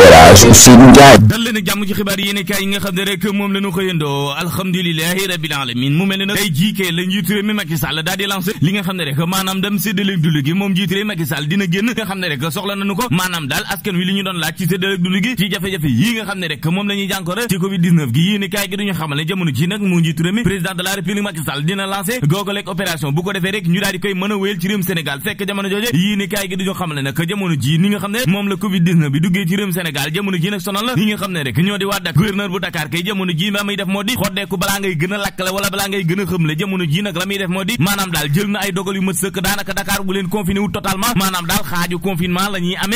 Elhadji Ousseynou dal leen ak jàmm ci xibaar yéene kaay yi nga xam ne rek moom la ñu xëyandoo alhamdulilahi rabil alamin mu mel ne nag mu njiitu mi président de la république Macky Sall dina lancé googoleeg opération bu ko defee rek ñu daal koy mën a wéyal ci réewum Sénégal fekk jamono jooje yéene kaay gi duñu xamal ne nag jamono ji ni nga xam ne moom la covid 19 bi duggee ci réewum Sénégal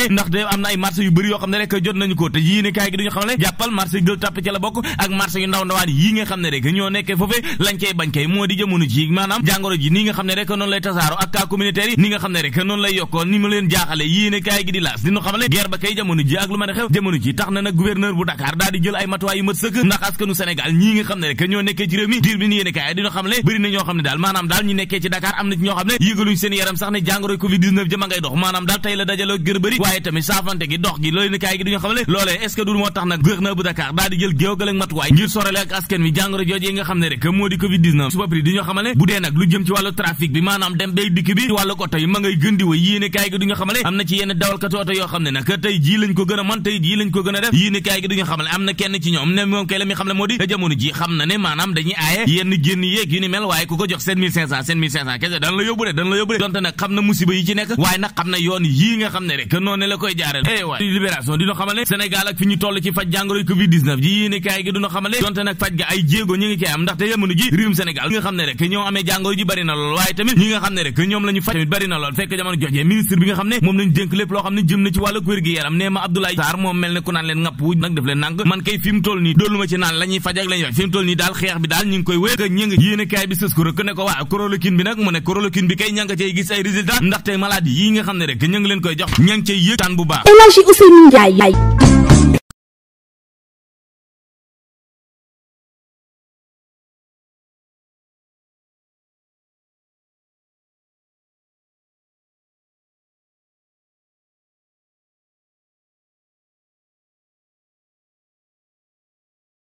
ndax de am na ay marché yu bëri yoo xam ne rek jot nañu ko te yii ne gi duñu xam jàngoro ji nii nga xam ne rek noonu lay tasaaro ak cas communautaire yi ni nga xam ne rek noonu lay yokkoo ni mu leen jaaxale yii ne gi di laas dinu xamale guerre kay jamono ji ak lu ma xew jamono ji tax na nag gouverneur bu Dakar daal jël ay matuwaay yu mat sëkk ndax askanu Sénégal ñii nga xam ne rek am moo di jël géewgal ak matuwaay ngir di covid xamale bu dee nag lu jëm ci wàllu trafic bi maanaam dem bay dikk bi ci wàllu oto yi ma ngay gën di way yéen kaay gi duñu xamale am na ci yenn dawalkatu oto yoo xam ne nag tey jii lañ ko gën a tey yii nga xam ne rek noonu la koy jaarel eh dina xamal ne ak fi ñu toll ci faj jàngoro covid 19 ne donte nag faj ga jamono ji réewum Sénégal nga nga xam ne rek ñoom la faj tamit bari lool fekk jamono jojee ministre bi nga xam ne moom lañu dénk lépp loo xam ne jëm na ci wàllu wér gi yaram ne ma Abdoulaye Dakar moom mel ne ku naan leen ŋàpp wuj nag def leen nànk man kay fi mu toll nii doolu ma ci naan la ñuy faj ak nii daal xeex bi daal ñu ngi koy wéy ak ñi ngi yéenekaay bi sës ko rek ne ko waa chloroquine bi nag mu ne chloroquine bi kay ña nga cay gis ay résultat ndaxte maladie yi nga xam ne rek ña leen koy jox ña ngi yëg taan bu baax